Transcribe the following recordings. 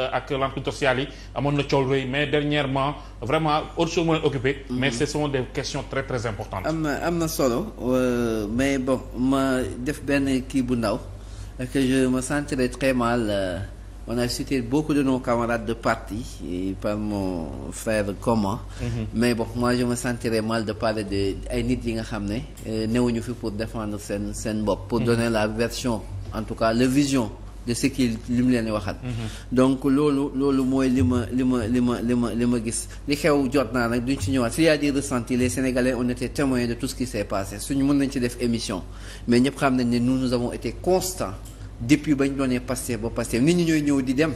Euh, ak l'entreprise sociale yi amoon na coow rëy mais dernièrement vraiment autre chose moo leen occupé. Mm-hmm. mais ce sont des questions très importantes. am na am na solo euh, mais bon ma def benn kii bu ndaw que je me sentirais très mal euh, on a cité beaucoup de nos camarades de parti et par mon frère commun. Mm-hmm. mais bon moi je me sentirais mal de parler de ay nit yi nga xam ne. newuñu fi pour défendre seen seen bopp. pour mm-hmm. donner la version en tout cas la vision. de ce qui li mu leen di waxal. Mhm. donc loolu loolu mooy li ma li ma li ma li ma li ma gis li xew jot naa nag duñ ci ñëwaat s'il y a des ressentis les Sénégalais on de tout ce qui s'est passé suñu mën nañ ci def émission mais ñëpp xam nañ ne nous nous avons été constants depuis ba ñu doonee Pastef ba Pastef nit ñi ñooy ñëw di dem.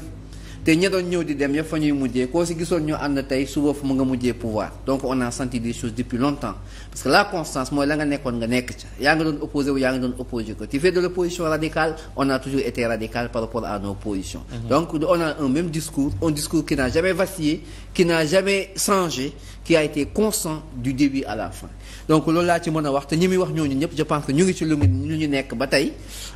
te ña doon ñëw di dem ñëpp fa ñuy mujjee koo si gisoon ñu ànd tey suba fu mu nga mujjee pouvoir donc on a senti des choses depuis longtemps parce que la constance mooy la nga nekkoon nga nekk ca yaa nga doon opposé yaa nga doon opposé ko tu fais de radicale on a toujours été radical par rapport à nos positions mm-hmm. donc on a un même discours un discours qui n'a jamais vacillé qui n'a jamais changé ki a été constant du début à la fin donc loolu laa ci mën a wax te ñi muy wax ñooñu ñëpp je pense que ñu ngi ci lu lu ñu nekk ba tey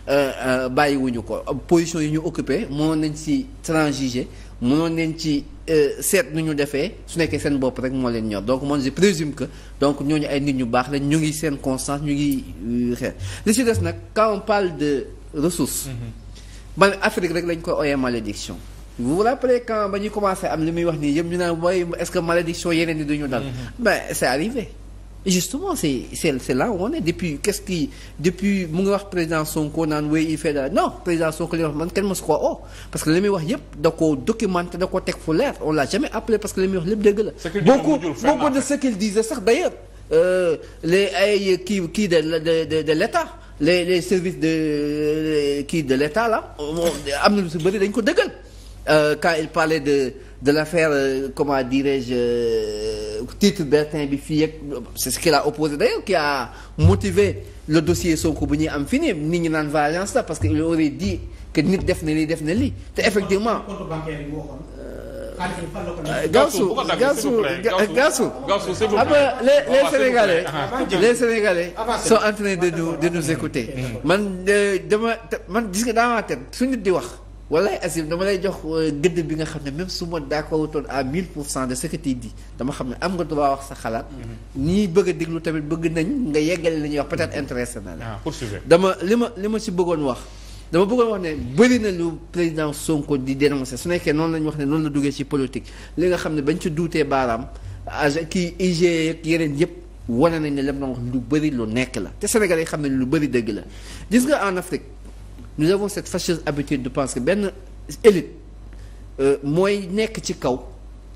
euh, euh, bàyyiwuñu ko position yu ñu occupé mënoon nañ ci transiger moo nañ ci euh, seet nu ñu defee su nekkee seen bopp rek moo leen ñor donc man je présume que donc ñooñu ay nit ñu baax lañ ñu ngi seen constance ñu ngi xeet li ci des nag quand on de ressources mm-hmm. man Afrique rek lañ koy ooyee malédiction vous vous rappelez quand ba ñuy commencé am li muy wax nii yëpp ñu naan mooy est-ce que malédiction yeneen yi du ñu dal. mais c'est arrivé. justement c'est c'est c'est là depuis qu'est-ce qui depuis mu ngi wax président Sonko naan wéy il fait dara non président Sonko li wax man kenn mosu ko oh parce que li muy wax yëpp da ko documenté da ko teg fu leer on l'a jamais appelé parce que li muy wax lépp dëgg la. beaucoup de ce qu'il disait sax d'ailleurs euh, les ay kii kii de de de de l'État les les services de am na lu bëri dañ ko dëggal. euh, quand il parlait de de l'affaire euh, comment dirais-je euh, titre Bertin bi fii yegg c'est ce qu'il a opposé d'ailleurs qui a motivé le dossier Sonko bu ñuy am fii nii nit ñi naan variance la parce que il aurait dit que nit def na lii def na lii te effectivement euh, euh, Gassou Gassou Gassou ah ben les les Sénégalais les Sénégalais sont en train de nous de nous écouter man euh, dama man gis nga dans nit di wax wallaay Asim dama lay jox euh, gëdd bi nga xam ne même su ma d'accord wutoon à 1000 pour cent de ce que dama xam ne am nga droit wax sa xalaat. Mm-hmm. ñii bëgg a déglu tamit bëgg nañ nga yeggale li ñuy wax peut-être intéressé na la. Ah, dama li ma li ma si bëggoon wax. dama bëggoon wax ne bëri na lu président Sonko di dénoncé su nekkee noonu lañu wax ne noonu la duggee ci politique li nga xam ne bañ ci duutee baaraam ag kii IGE ak yeneen yëpp wane nañ ne lépp wax lu bëri lu nekk la te Sénégal yi xam ne lu bëri dëgg la gis nga en Afrique. nous avons cette fâcheuse habitude de penser que benn élite mooy nekk ci kaw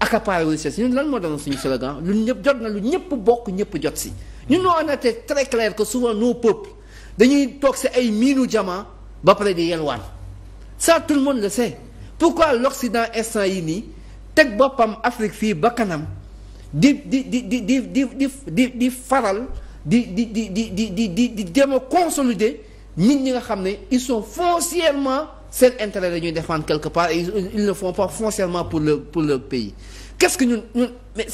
accaparer richesse ñun lan moo doon suñu slogan lu ñëpp jot na lu ñëpp bokk ñëpp jot si ñun noo on a été très clair que souvent nos peuples dañuy toog si ay miinu diamant ba pare di yelwaan ça tout le monde le sait pourquoi l'Occident instant yi nii teg boppam Afrique fii ba kanam di di di di di di di di faral di di di di di di di di jéem a consolider nit ñi nga xam ne ils sont foncièrement seen intérêt la ñuy défendre quelque part et ils ne font pas foncièrement pour le pour le pays qu'est-ce que ñun ñun mais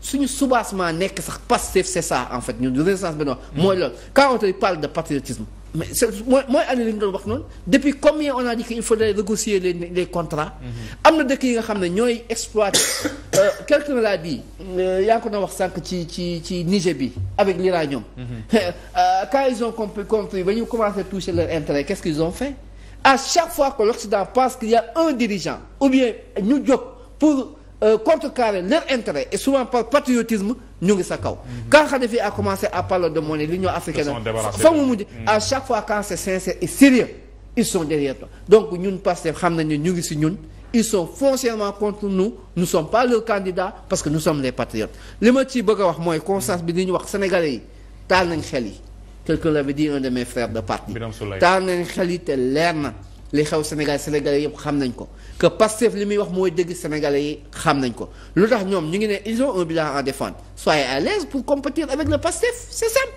suñu soubassement nekk sax Pastef c'est ça en fait ñun Résistance Benno mm. mooy loolu quand on te parle de patriotisme mais c'est mooy mooy année li ñu doon wax noonu depuis combien on a dit qu'il faudrait négocier les contrats. Mm-hmm. am na dëkk yi nga xam ne ñooy exploiter euh, quelques maladies euh, yaa ko na wax ci ci ci Niger bi avec l'uranium. Mm-hmm. Euh, quand ils ont compris compris ba ñu commencé toucher leur intérêt qu'est-ce qu'ils ont fait à chaque fois que l'Occident pense qu'il y a un dirigeant ou bien ñu jóg pour. Euh, contrecarrer leur intérêt et souvent par patriotisme ñu ngi sa kaw. Mhm. quand Kadhafi a commencé à parler de monnaie l'union africaine. fa mu mujj mhm. à chaque fois quand c'est sincère et sérieux ils sont derrière toi donc ñun Pastef xam nañ ne ñu ngi si ñun ils sont foncièrement contre nous nous sommes pas leurs candidats parce que nous sommes les patriotes li ma ci bëgg a wax mooy conscience bi li ñu wax sénégalais yi taal nañ xel yi quelqu'un l'avait dit un de mes frères de taal nañ xel yi te leer na. li xew Sénégal sénégalais yëpp xam nañ ko que Pastef li muy wax mooy dégg sénégalais yi xam nañ ko lu tax ñoom ñu ngi ne ils ont un bilan à défendre soyez à l'aise pour compétir avec le Pastef c'est simple.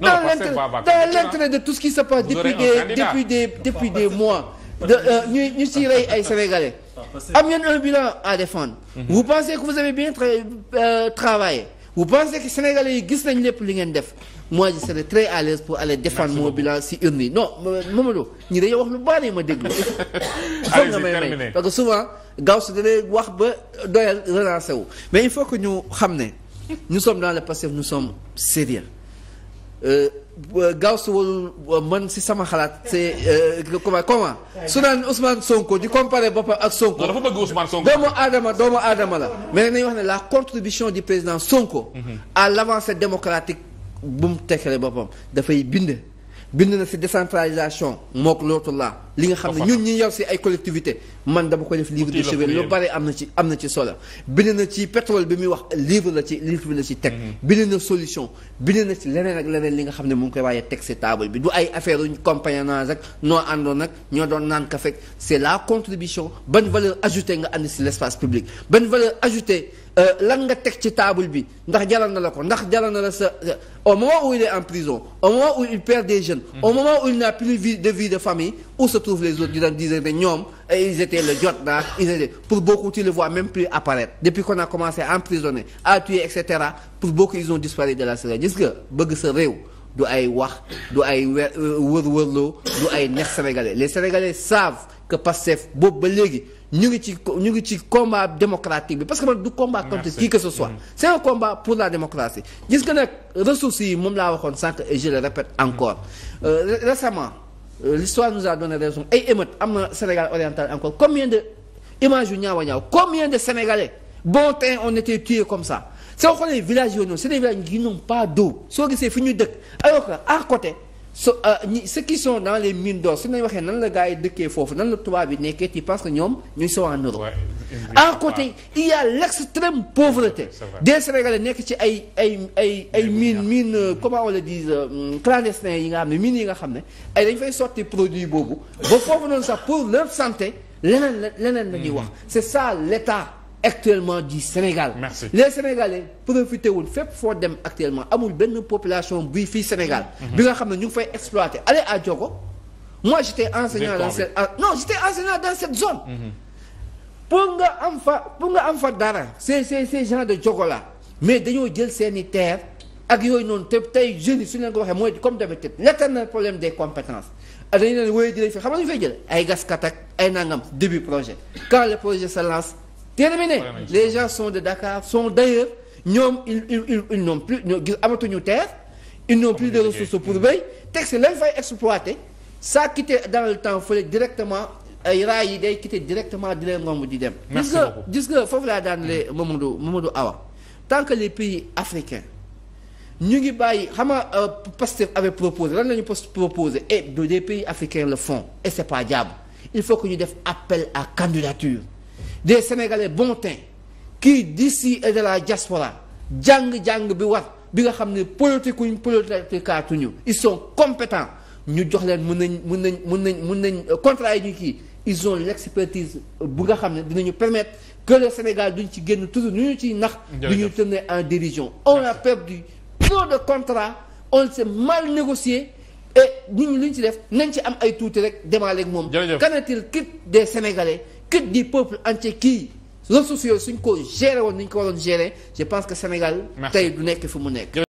non dans l'intérêt de tout ce qui se passe depuis des depuis des depuis mois. de ñuy euh, ñu si rey ay sénégalais. am ngeen un bilan à défendre. Mhm. vous pensez que vous avez bien euh, travaillé. vous pensez que sénégalais yi gis nañ lépp li ngeen def mois je serai très à l'aise pour aller défendre mon bilan si urne yi non Mamadou ñi dañoo wax lu bari ma déglu foog nga may may parce que souvent gaaw si danay wax ba doyal relancé wu mais il faut que ñu xam ne ñu sommes dans le passé ñu sommes sérieux gaaw si warul man si sama xalaat c'est euh, euh, comment comment su naan Ousmane Sonko di comparer boppam ak Sonko. dafa bëgg Ousmane Sonko doomu aadama doomu aadama la. mais nañu wax ne la contribution di président Sonko. Mhm. à l'avancée démocratique bu mu tekkale boppam dafay bind. bind na si décentralisation mook lootu laa li nga xam ne ñun ñu yow si ay collectivité man dama ko def livre de chevet am na ci am na ci solo bind na ci pétrole bi muy wax livre la ci livre la ci teg mhm. bind na solution bind na si leneen ak leneen li nga xam ne mu ngi koy waaye teg si table bi du ay affaire uñ compagnonnage rek noo àndoon nag ñoo doon naan ka fekk c'est la contribution ban valeur ajoutée nga ànd si l' espace public ban valeur ajouté Euh, lan nga teg ci table bi ndax jaral na la ko ndax jaral na la sa au moment où il est en prison au moment où il perd des jeunes hmm. au moment où il n'a plus de vie de famille où se trouvent les autres di daan dire ne ñoom ils étaient le jot naa ils étaient pour beaucoup tu le vois même plus apparaître depuis qu'on a commencé à emprisonner à tuer et cetera pour beaucoup ils ont disparu de la Sénégal gis nga bëgg sa réew du ay wax du ay euh, wër wërloo du ay neex sénégalais les sénégalais savent que Pastef boobu ba léegi ñu ngi ci ñu ngi ci combat démocratique bi parce que man du combat contre qui que ce soit mm. c'est un combat pour la démocratie gis nga nag ressources yi moom laa waxoon sànq et je le répète encore mm. euh, récemment euh, l'histoire nous a donné raison ay émeutes am na Sénégal oriental encore combien de images yu ñaaw a ñaaw combien de Sénégalais bon temps on était tués comme ça soo xoolee villages yooyu noonu c'est des villages qui pas d'eau soo gisee fi ñu dëkk alors à côté so euh, ñi ceux qui sont dans les mines d'or su ñu waxee nan la gaa yi dëkkee foofu nan la tubaab bi nekkee tu penses que ñoom ñu sont en Europe. à côté il y a l'extrême pauvreté. des Sénégalais nekk ci ay ay ay ay mines mines euh, comment on le dit euh, clandestins yi nga xam ne mines yi nga xam ne ay dañ fay sotti produit boobu ba foofu noonu sax pour leur santé leneen la leneen la ñuy wax mm. c'est ça l'État. actuellement du Sénégal. Merci. les Sénégalais profité wul fépp foo dem actuellement amul benn population buy fii Sénégal. Mhm. bi nga xam ne ñu ngi fay exploiter allez à Diogo. moi j'étais enseignant dans cette ah, non j'étais enseignant dans cette zone. mm pour nga am fa pour nga am fa dara. c'est c'est ces gens de Diogo là mais dañoo jël seeni terre ak yooyu noonu te tey jeunes yi su leen ko waxee mooy comme d'habitude l'éternel problème des compétences. dañu leen wéy jëlee fi xam nga ñu fay jël ay gaskat ak ay nangam début projet quand projet se terminé les gens sont de Dakar sont d'ailleurs ñoom ils ils ils n'ont plus ñoo gis amatuñu terre ils n'ont plus de ressources pour béy texte lañ fay exploité sa quitté dans le temps fële directement ay raay yi dey quitté directement di leen romb di dem gis nga gis nga foofu laa daan le Mamadou Mamadou Awa tant que les pays africains ñu ngi bàyyi xam nga euh, Pastef avait proposé lan la ñu proposé et eh, des pays africains le font et c'est pas diable il faut que ñu def appel à candidature des Sénégalais bon teint qui d'ici et de la diaspora jàng-jàng bi war bi nga xam ne politique uñ politikaatuñu ils sont compétents ñu jox leen mën nañ mën nañ mën nañ mën nañ euh, contrat yi ñu kii ils ont l'expertise euh, bu nga xam ne dinañu permettre que le Sénégal duñ ci génn toujours ñu ñu ciy nax duñu tenir en dirision on a perdu trop de contrats on s'est mal e et ñun li ñu ci def nañ ci am ay tuuti rek demaale ak moom qu'en est-il des Sénégalais que du peuple entier kii ressources yooyu suñ ko gérer woon ni ñu ko waroon gérer je pense que Sénégal tey du nekk fi mu nekk